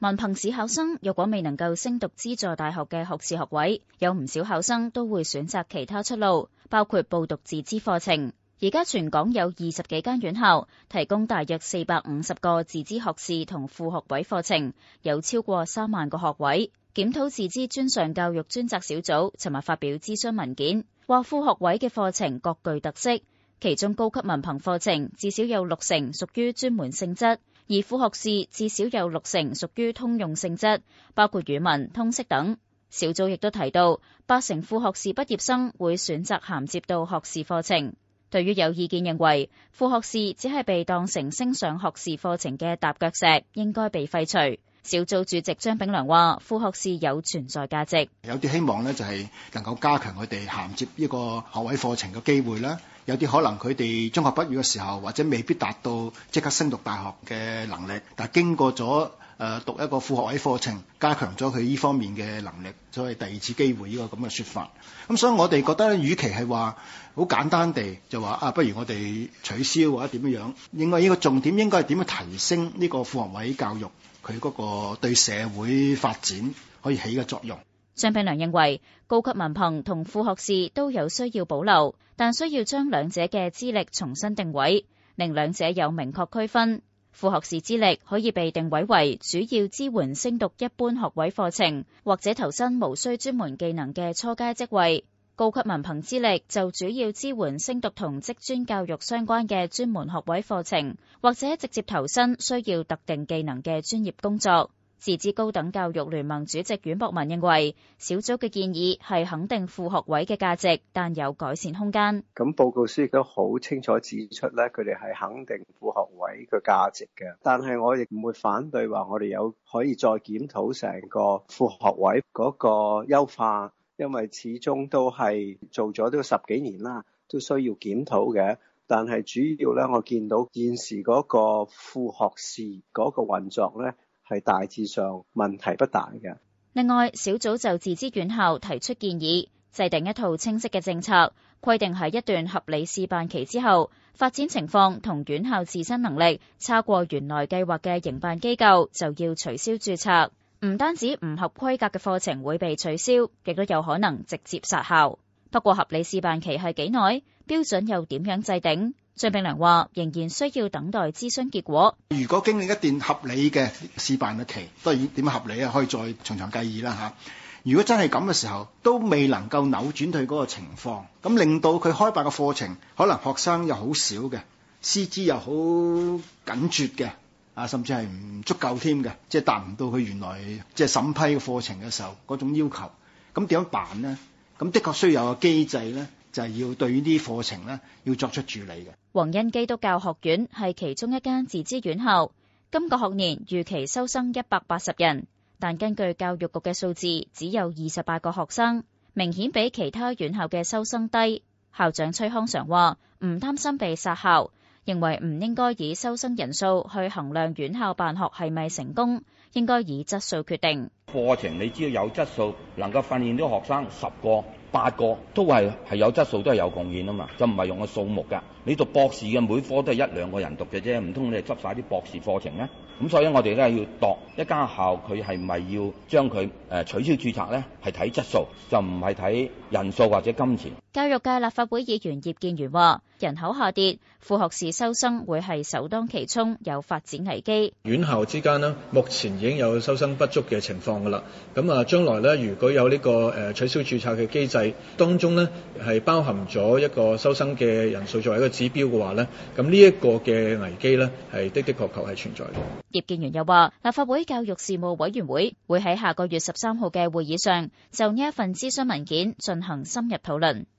文憑試考生若果未能夠升讀資助大學嘅學士學位，有唔少考生都會選擇其他出路，包括報讀自資課程。而家全港有二十幾間院校提供大約四百五十個自資學士同副學位課程，有超過三萬個學位。檢討自資專上教育專責小組尋日發表諮詢文件，話副學位嘅課程各具特色，其中高級文憑課程至少有六成屬於專門性質。而副學士至少有六成屬於通用性質，包括語文、通識等。小組亦都提到，八成副學士畢業生會選擇銜接到學士課程。對於有意見認為，副學士只係被當成升上學士課程嘅踏腳石，應該被廢除。小組主席張炳良話，副學士有存在價值，有啲希望咧就係能夠加強佢哋銜接呢個學位課程嘅機會啦，有啲可能佢哋中學畢業嘅時候，或者未必達到即刻升讀大學嘅能力，但係經過咗。誒讀一個副學位課程，加強咗佢依方面嘅能力，所謂第二次機會依個咁嘅説法。咁所以我哋覺得咧，與其係話好簡單地就話啊，不如我哋取消或者點樣樣，應該呢個重點應該係點樣提升呢個副學位教育佢嗰個對社會發展可以起嘅作用。張炳良認為，高級文憑同副學士都有需要保留，但需要將兩者嘅資歷重新定位，令兩者有明確區分。副學士資歷可以被定位為主要支援升讀一般學位課程，或者投身無需專門技能嘅初階職位；高級文憑資歷就主要支援升讀同職專教育相關嘅專門學位課程，或者直接投身需要特定技能嘅專業工作。自資高等教育聯盟主席阮博文認為小組嘅建議係肯定副學位嘅價值，但有改善空間。咁報告書亦都好清楚指出咧，佢哋係肯定副學位嘅價值嘅，但係我亦唔會反對話我哋有可以再檢討成個副學位嗰個優化，因為始終都係做咗呢個十幾年啦，都需要檢討嘅。但係主要咧，我見到現時嗰個副學士嗰個運作咧，係大致上問題不大嘅。另外，小組就自資院校提出建議，制定一套清晰嘅政策，規定喺一段合理試辦期之後，發展情況同院校自身能力差過原來計劃嘅營辦機構，就要取消註冊。唔單止唔合規格嘅課程會被取消，亦都有可能直接殺校。不過合理試辦期係幾耐？標準又點樣制定？張炳良話仍然需要等待諮詢結果。如果經歷一段合理嘅試辦嘅期，當然點合理啊？可以再從長計議啦，吓。如果真係咁嘅時候，都未能夠扭轉佢嗰個情況，咁令到佢開辦嘅課程，可能學生又好少嘅，師資又好緊絀嘅，啊甚至係唔足夠添嘅，即係達唔到佢原來即係審批嘅課程嘅時候嗰種要求，咁點樣辦呢？咁的確需要有個機制咧，就係要對於呢啲課程咧，要作出處理嘅。黃恩基督教學院係其中一間自資院校，今個學年預期收生一百八十人，但根據教育局嘅數字，只有二十八個學生，明顯比其他院校嘅收生低。校長崔康常話：唔擔心被殺校，認為唔應該以收生人數去衡量院校辦學係咪成功，應該以質素決定。課程你只要有質素，能夠訓練啲學生十個、八個都係係有質素，都係有貢獻啊嘛，就唔係用個數目噶。你讀博士嘅每科都係一兩個人讀嘅啫，唔通你係執晒啲博士課程咩？咁所以我哋咧要度一家校佢係咪要將佢誒取消註冊呢？係睇質素，就唔係睇人數或者金錢。教育界立法會議員葉建源話：人口下跌，副學士收生會係首當其衝，有發展危機。危機院校之間呢，目前已經有收生不足嘅情況。噶啦，咁啊，將來咧，如果有呢個誒取消註冊嘅機制當中咧，係包含咗一個收生嘅人數作為一個指標嘅話咧，咁呢一個嘅危機咧係的的確確係存在嘅。葉建源又話，立法會教育事務委員會會喺下個月十三號嘅會議上，就呢一份諮詢文件進行深入討論。